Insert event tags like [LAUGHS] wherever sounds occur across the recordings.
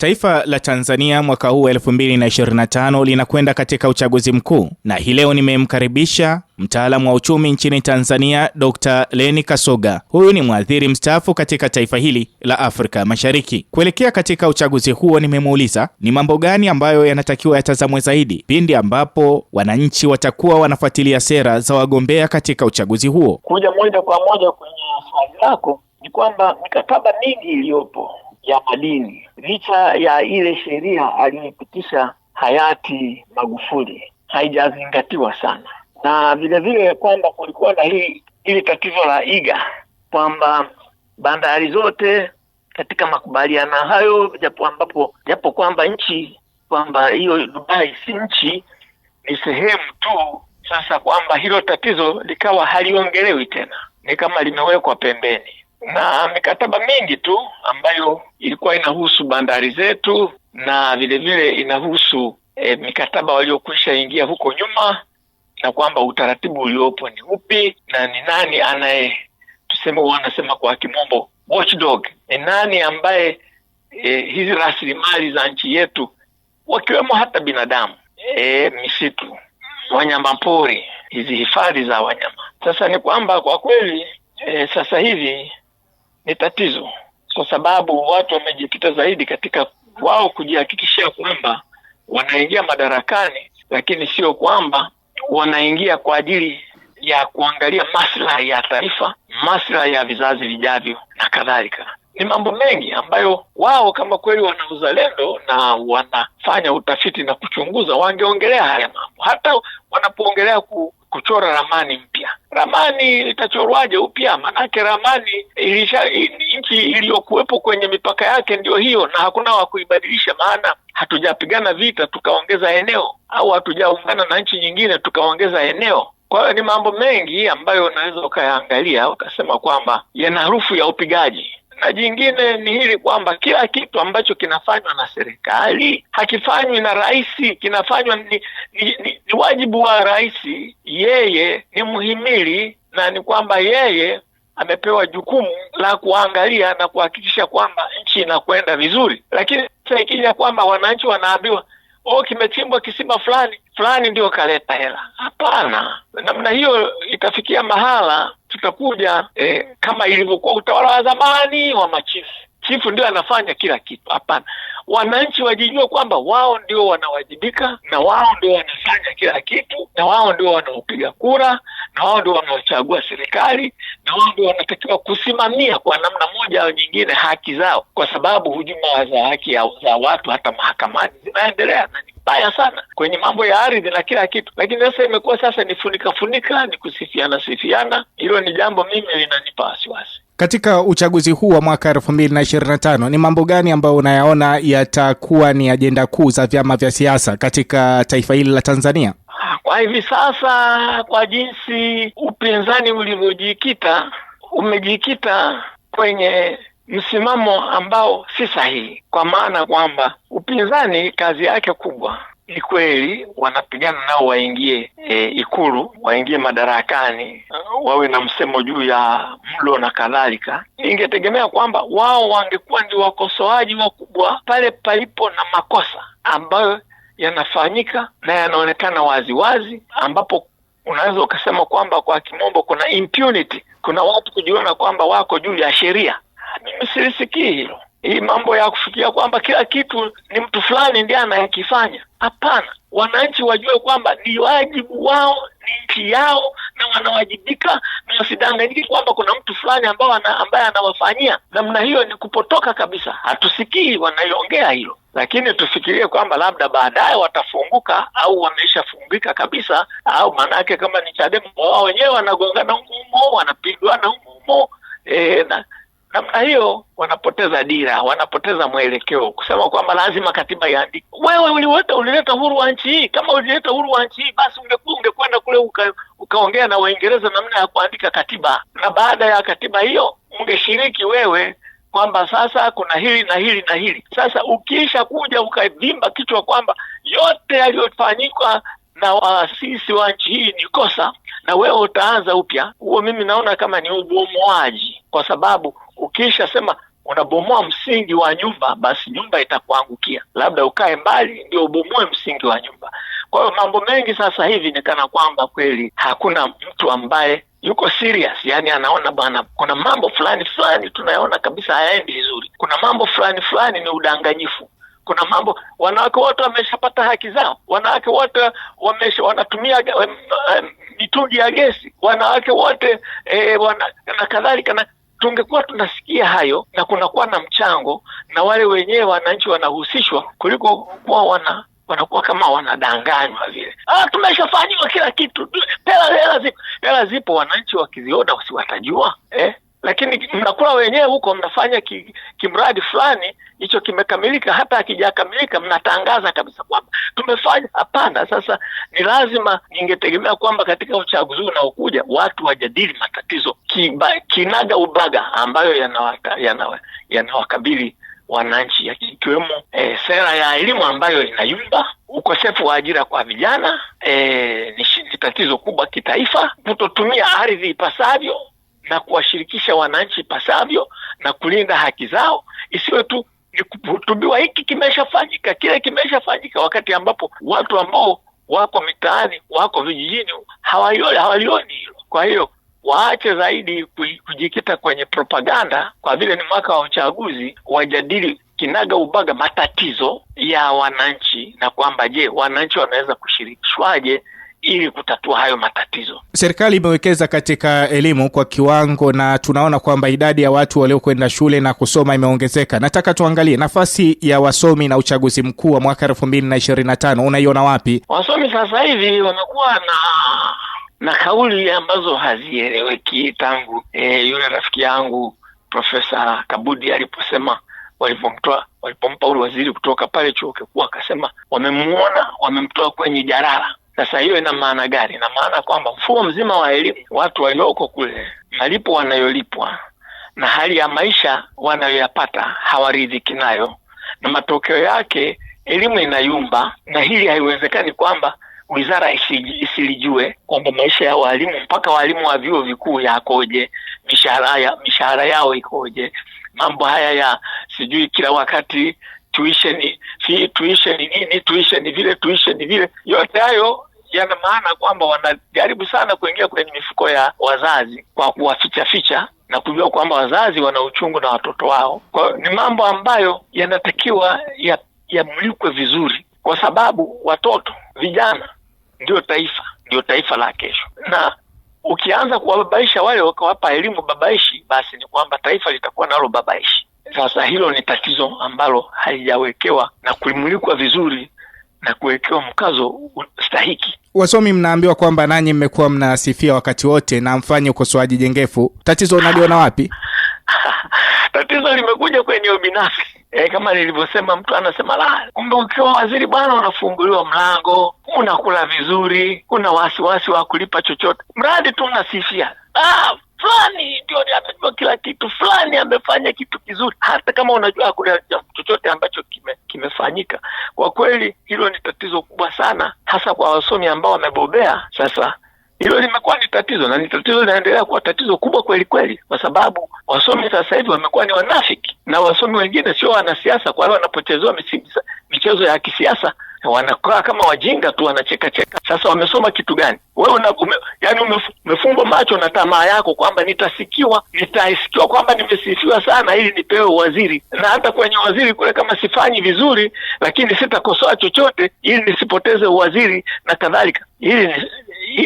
Taifa la Tanzania mwaka huu 2025 linakwenda katika uchaguzi mkuu, na hii leo nimemkaribisha mtaalamu wa uchumi nchini Tanzania, Dr. Leni Kasoga. Huyu ni mwadhiri mstaafu katika taifa hili la Afrika Mashariki. Kuelekea katika uchaguzi huo, nimemuuliza ni mambo gani ambayo yanatakiwa yatazamwe zaidi pindi ambapo wananchi watakuwa wanafuatilia sera za wagombea katika uchaguzi huo. Kuja moja kwa moja kwenye swali lako, ni kwamba mikataba mingi iliyopo ya madini. Licha ya ile sheria aliyopitisha hayati Magufuli haijazingatiwa sana, na vile vile kwamba kulikuwa na hii ili tatizo la iga kwamba bandari zote katika makubaliano hayo, japo ambapo japo kwamba nchi kwamba hiyo Dubai si nchi, ni sehemu tu. Sasa kwamba hilo tatizo likawa haliongelewi tena, ni kama limewekwa pembeni na mikataba mingi tu ambayo ilikuwa inahusu bandari zetu na vilevile inahusu e, mikataba waliokwisha ingia huko nyuma, na kwamba utaratibu uliopo ni upi na ni nani anaye tuseme, wanasema kwa kimombo watchdog, ni nani ambaye e, hizi rasilimali za nchi yetu wakiwemo hata binadamu e, misitu, wanyamapori, hizi hifadhi za wanyama. Sasa ni kwamba kwa kweli e, sasa hivi ni tatizo, kwa sababu watu wamejikita zaidi katika wao kujihakikishia kwamba wanaingia madarakani, lakini sio kwamba wanaingia kwa ajili ya kuangalia maslahi ya taifa, maslahi ya vizazi vijavyo na kadhalika. Ni mambo mengi ambayo wao kama kweli wana uzalendo na wanafanya utafiti na kuchunguza, wangeongelea haya mambo. Hata wanapoongelea ku kuchora ramani mpya. Ramani itachorwaje upya? Maanake ramani ilisha nchi iliyokuwepo kwenye mipaka yake ndio hiyo, na hakuna wa kuibadilisha, maana hatujapigana vita tukaongeza eneo au hatujaungana na nchi nyingine tukaongeza eneo. Kwa hiyo ni mambo mengi ambayo unaweza ukayaangalia ukasema kwamba yana harufu ya upigaji na jingine ni hili kwamba kila kitu ambacho kinafanywa na serikali hakifanywi na rais, kinafanywa ni, ni, ni, ni wajibu wa rais. Yeye ni mhimili na ni kwamba yeye amepewa jukumu la kuangalia na kuhakikisha kwamba nchi inakwenda vizuri, lakini sasa ikija kwamba wananchi wanaambiwa oh, kimechimbwa kisima fulani fulani ndio kaleta hela. Hapana, namna hiyo itafikia mahala tutakuja eh, kama ilivyokuwa utawala wa zamani wa machifu. Chifu ndio anafanya kila kitu. Hapana, wananchi wajijue kwamba wao ndio wanawajibika na wao ndio wanafanya kila kitu na wao ndio wanaopiga kura na wao ndio wanaochagua serikali na wao ndio wanatakiwa kusimamia kwa namna moja au nyingine haki zao, kwa sababu hujuma za haki za watu hata mahakamani zinaendelea na mbaya sana kwenye mambo ya ardhi na kila kitu, lakini sasa imekuwa sasa ni funika funika, ni kusifiana sifiana. Hilo ni jambo mimi linanipa wasiwasi. Katika uchaguzi huu wa mwaka elfu mbili na na tano ni mambo gani ambayo unayaona yatakuwa ni ajenda kuu za vyama vya siasa katika taifa hili la Tanzania? Kwa hivi sasa, kwa jinsi upinzani ulivyojikita, umejikita kwenye msimamo ambao si sahihi, kwa maana kwamba upinzani kazi yake kubwa ni kweli wanapigana nao waingie e, Ikulu, waingie madarakani, e, wawe na msemo juu ya mlo na kadhalika. Ingetegemea kwamba wao wangekuwa ndio wakosoaji wakubwa pale palipo na makosa ambayo yanafanyika na yanaonekana wazi wazi, ambapo unaweza ukasema kwamba kwa kimombo kuna impunity, kuna watu kujiona kwamba wako juu ya sheria mimi silisikii hilo. Hii mambo ya kufikiria kwamba kila kitu ni mtu fulani ndiye anayekifanya, hapana. Wananchi wajue kwamba ni wajibu wao, ni nchi yao, na wanawajibika, na wasidanganyike kwamba kuna mtu fulani ambao ana, ambaye anawafanyia namna hiyo. Ni kupotoka kabisa, hatusikii wanaiongea hilo, lakini tufikirie kwamba labda baadaye watafunguka au wameishafungika kabisa, au maanake kama ni Chadema wao wenyewe wanagongana humo humo, wanapigwana humo humo e, na Namna hiyo wanapoteza dira, wanapoteza mwelekeo, kusema kwamba lazima katiba iandike. Wewe uliweta ulileta uhuru wa nchi hii. Kama ulileta uhuru wa nchi hii, basi ungekuwa ungekwenda kule uka, ukaongea na Waingereza namna ya kuandika katiba, na baada ya katiba hiyo ungeshiriki wewe kwamba sasa kuna hili na hili na hili. Sasa ukiisha kuja ukavimba kichwa kwamba yote yaliyofanyika na waasisi wa nchi hii ni kosa, na wewe utaanza upya, huo mimi naona kama ni ubomoaji, kwa sababu Ukisha sema unabomoa msingi wa nyumba, basi nyumba itakuangukia, labda ukae mbali ndio ubomoe msingi wa nyumba. Kwa hiyo mambo mengi sasa hivi ni kana kwamba kweli hakuna mtu ambaye yuko serious, yani anaona bwana, kuna mambo fulani fulani tunayaona kabisa hayaendi vizuri, kuna mambo fulani fulani ni udanganyifu kuna mambo wanawake wote wameshapata haki zao, wanawake wote wamesha, wanatumia eh, mitungi ya gesi, wanawake wote e, wana, na kadhalika na tungekuwa tunasikia hayo na kunakuwa na mchango na wale wenyewe wananchi wanahusishwa kuliko kuwa wana wanakuwa kama wanadanganywa vile. Ah, tumeshafanyiwa kila kitu, hela hela zipo, hela zipo. Wananchi wakiziona wasiwatajua eh? Lakini mnakula wenyewe huko, mnafanya ki, kimradi fulani hicho kimekamilika. Hata akijakamilika mnatangaza kabisa kwamba tumefanya. Hapana, sasa ni lazima, ningetegemea kwamba katika uchaguzi unaokuja watu wajadili matatizo kiba, kinaga ubaga ambayo yanawakabili wananchi yakiwemo e, sera ya elimu ambayo inayumba, ukosefu wa ajira kwa vijana e, ni tatizo kubwa kitaifa, kutotumia ardhi ipasavyo na kuwashirikisha wananchi ipasavyo na kulinda haki zao, isiwe tu kuhutubiwa hiki kimeshafanyika, kile kimeshafanyika, wakati ambapo watu ambao wako mitaani, wako vijijini hawalioni hilo. Kwa hiyo waache zaidi kujikita kwenye propaganda, kwa vile ni mwaka wa uchaguzi, wajadili kinaga ubaga matatizo ya wananchi na kwamba je, wananchi wanaweza kushirikishwaje ili kutatua hayo matatizo. Serikali imewekeza katika elimu kwa kiwango, na tunaona kwamba idadi ya watu waliokwenda shule na kusoma imeongezeka. Nataka tuangalie nafasi ya wasomi na uchaguzi mkuu wa mwaka elfu mbili na ishirini na tano unaiona wapi? Wasomi sasa hivi wamekuwa na na kauli ambazo hazieleweki tangu e, yule rafiki yangu Profesa Kabudi aliposema walipomtoa walipompa ule waziri kutoka pale chuo kikuu, akasema wamemwona wamemtoa kwenye jarara Sasa hiyo ina maana gari Ina maana kwamba mfumo mzima wa elimu, watu walioko kule, malipo wanayolipwa na hali ya maisha wanayoyapata hawaridhiki nayo, na matokeo yake elimu inayumba, na hili haiwezekani kwamba wizara isilijue kwamba maisha ya walimu mpaka walimu wa vyuo vikuu yakoje, mishahara ya, mishahara yao ikoje, mambo haya ya sijui kila wakati tuition fee, tuition nini, tuition vile, tuition vile, yote hayo yana maana kwamba wanajaribu sana kuingia kwenye mifuko ya wazazi kwa kuwafichaficha na kujua kwamba wazazi wana uchungu na watoto wao. Kwa ni mambo ambayo yanatakiwa yamulikwe ya vizuri, kwa sababu watoto vijana ndio taifa, ndiyo taifa la kesho. Na ukianza kuwababaisha wale wakawapa elimu babaishi, basi ni kwamba taifa litakuwa nalo babaishi. Sasa hilo ni tatizo ambalo halijawekewa na kulimulikwa vizuri na kuwekewa mkazo stahiki. Wasomi mnaambiwa kwamba nanyi mmekuwa mnasifia wakati wote na mfanye ukosoaji jengefu, tatizo unaliona wapi? [LAUGHS] tatizo limekuja kwenye ubinafsi. E, kama nilivyosema, mtu anasema la, kumbe ukiwa waziri bwana, unafunguliwa mlango, unakula vizuri, una wasiwasi wa kulipa chochote, mradi tu unasifia ah, fulani ndio anajua kila kitu, fulani amefanya kitu kizuri, hata kama unajua hakuna chochote ambacho kime, kimefanyika. Kwa kweli hilo ni tatizo kubwa sana, hasa kwa wasomi ambao wamebobea sasa hilo limekuwa ni tatizo na ni tatizo linaendelea kuwa tatizo kubwa kweli kweli, kwa sababu wasomi sasa hivi wamekuwa ni wanafiki, na wasomi wengine sio wanasiasa. Kwa hiyo wanapochezewa michezo ya kisiasa wanakaa kama wajinga tu, wanachekacheka. Sasa wamesoma kitu gani? Wewe una, ume, yani umefungwa macho na tamaa yako kwamba nitasikiwa, nitasikiwa kwamba nimesifiwa sana ili nipewe uwaziri, na hata kwenye waziri kule kama sifanyi vizuri, lakini sitakosoa chochote ili nisipoteze uwaziri na kadhalika, ili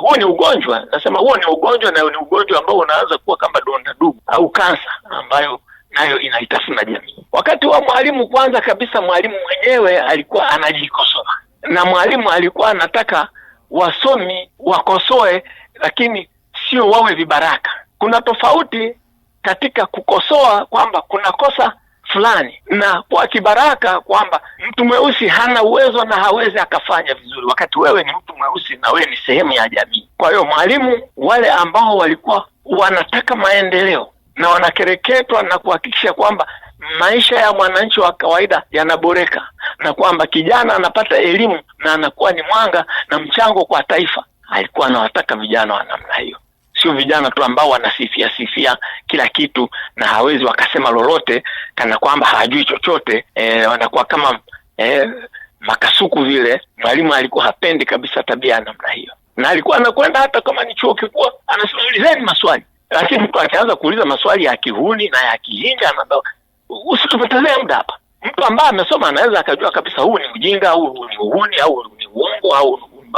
huo ni ugonjwa, nasema huo ni ugonjwa, na ni ugonjwa ambao unaanza kuwa kama donda dugu au kansa ambayo nayo inaitafuna jamii. Wakati wa mwalimu, kwanza kabisa, mwalimu mwenyewe alikuwa anajikosoa, na mwalimu alikuwa anataka wasomi wakosoe, lakini sio wawe vibaraka. Kuna tofauti katika kukosoa kwamba kuna kosa fulani, na kwa kibaraka kwamba mtu mweusi hana uwezo na hawezi akafanya vizuri, wakati wewe ni mtu mweusi na wewe ni sehemu ya jamii. Kwa hiyo, Mwalimu, wale ambao walikuwa wanataka maendeleo na wanakereketwa na kuhakikisha kwamba maisha ya mwananchi wa kawaida yanaboreka na kwamba kijana anapata elimu na anakuwa ni mwanga na mchango kwa taifa, alikuwa anawataka vijana wa namna hiyo sio vijana tu ambao wanasifia sifia kila kitu na hawezi wakasema lolote kana kwamba hawajui chochote. E, wanakuwa kama e, makasuku vile. Mwalimu alikuwa hapendi kabisa tabia ya namna hiyo, na alikuwa anakwenda hata kama ni chuo kikuu, anasema maswali, lakini mtu akianza kuuliza maswali ya kihuni na ya kijinga, usitupotezee muda hapa. Mtu ambaye amesoma anaweza akajua kabisa huu ni ujinga, huu ni uhuni, au ni uongo, au ni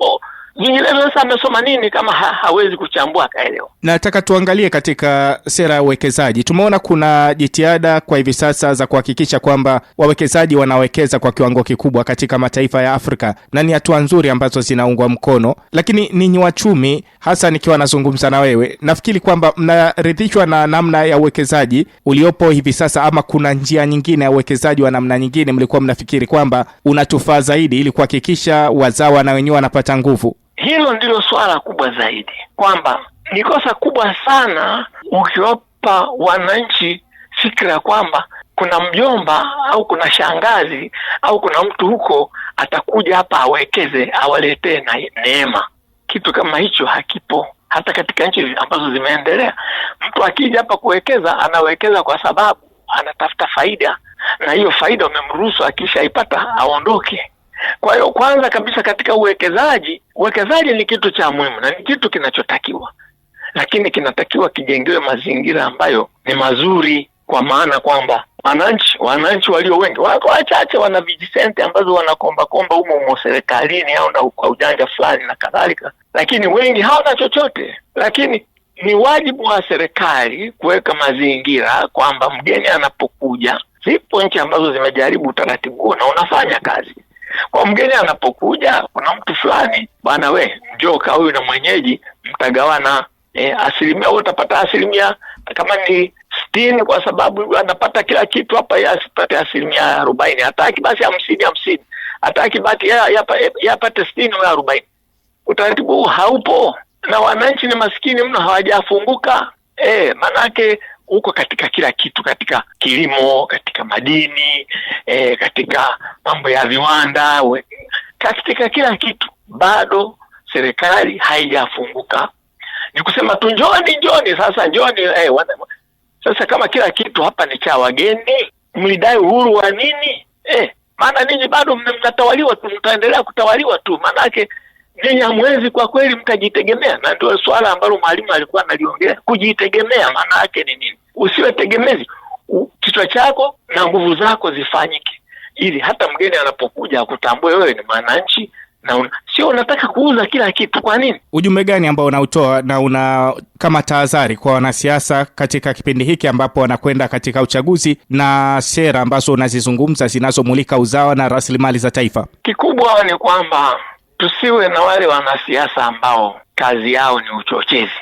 oh, Nyinginezo sasa amesoma nini kama ha hawezi kuchambua akaelewa? Nataka tuangalie katika sera ya uwekezaji. Tumeona kuna jitihada kwa hivi sasa za kuhakikisha kwamba wawekezaji wanawekeza kwa kiwango kikubwa katika mataifa ya Afrika na ni hatua nzuri ambazo zinaungwa mkono, lakini ninyi wachumi, hasa nikiwa nazungumza na wewe, nafikiri kwamba mnaridhishwa na namna ya uwekezaji uliopo hivi sasa, ama kuna njia nyingine ya uwekezaji wa namna nyingine mlikuwa mnafikiri kwamba unatufaa zaidi ili kuhakikisha wazawa na wenyewe wanapata nguvu? Hilo ndilo suala kubwa zaidi, kwamba ni kosa kubwa sana ukiwapa wananchi fikira ya kwamba kuna mjomba au kuna shangazi au kuna mtu huko atakuja hapa awekeze awaletee na neema. Kitu kama hicho hakipo hata katika nchi ambazo zimeendelea. Mtu akija hapa kuwekeza, anawekeza kwa sababu anatafuta faida, na hiyo faida umemruhusu akishaipata aondoke. Kwa hiyo kwanza kabisa katika uwekezaji, uwekezaji ni kitu cha muhimu na ni kitu kinachotakiwa, lakini kinatakiwa kijengewe mazingira ambayo ni mazuri, kwa maana kwamba wananchi wananchi walio wengi, wako wachache wana vijisenti ambazo wanakomba komba humo humo serikalini au na kwa ujanja fulani na kadhalika, lakini wengi hawana chochote. Lakini ni wajibu wa serikali kuweka mazingira kwamba mgeni anapokuja, zipo nchi ambazo zimejaribu utaratibu huo na unafanya kazi kwa mgeni anapokuja, kuna mtu fulani bwana, we njoka huyu na mwenyeji mtagawana e, asilimia wewe utapata asilimia kama ni sitini, kwa sababu anapata kila kitu hapa, asipate asilimia arobaini. Hataki basi hamsini hamsini, hataki bati yapate sitini huyo arobaini. Utaratibu huu haupo na wananchi ni maskini mno, hawajafunguka e, manake uko katika kila kitu, katika kilimo, katika madini e, katika mambo ya viwanda we, katika kila kitu. Bado serikali haijafunguka, ni kusema tu njoni, njoni sasa, njoni eh, wana, sasa kama kila kitu hapa ni cha wageni, mlidai uhuru wa nini eh? Maana ninyi bado mnatawaliwa tu, mtaendelea kutawaliwa tu, maanake ninyi hamwezi kwa kweli mkajitegemea, na ndio swala ambalo mwalimu alikuwa analiongea, kujitegemea maana yake ni nini? Usiwe tegemezi, kichwa chako na nguvu zako zifanyike, ili hata mgeni anapokuja akutambue wewe ni mwananchi na una, sio unataka kuuza kila kitu. Kwa nini? Ujumbe gani ambao unautoa na una kama tahadhari kwa wanasiasa katika kipindi hiki ambapo wanakwenda katika uchaguzi na sera ambazo unazizungumza zinazomulika uzawa na rasilimali za taifa? Kikubwa ni kwamba tusiwe na wale wanasiasa ambao kazi yao ni uchochezi.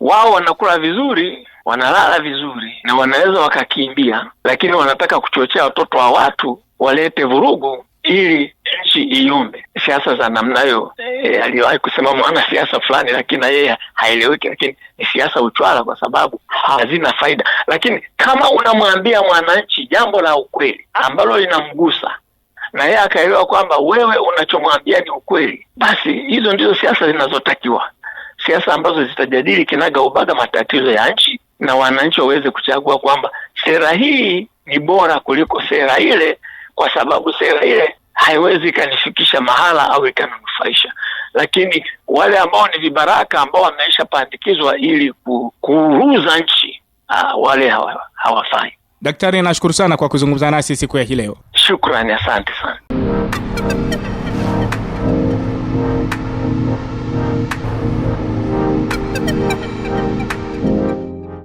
Wao wanakula vizuri, wanalala vizuri na wanaweza wakakimbia, lakini wanataka kuchochea watoto wa watu walete vurugu ili nchi iyumbe. Siasa za namna hiyo e, aliwahi kusema siasa fulani, lakini na yeye haeleweki, lakini ni siasa uchwala, kwa sababu hazina faida. Lakini kama unamwambia mwananchi jambo la ukweli ambalo linamgusa na yeye akaelewa kwamba wewe unachomwambia ni ukweli. Basi hizo ndizo siasa zinazotakiwa, siasa ambazo zitajadili kinaga ubaga matatizo ya nchi na wananchi waweze kuchagua kwamba sera hii ni bora kuliko sera ile, kwa sababu sera ile haiwezi ikanifikisha mahala au ikaninufaisha. Lakini wale ambao ni vibaraka ambao wameisha ili kuuza nchi, ah, wale hawafanyi. Daktari, nashukuru sana kwa kuzungumza nasi siku ya hii leo. Shukrani, asante sana.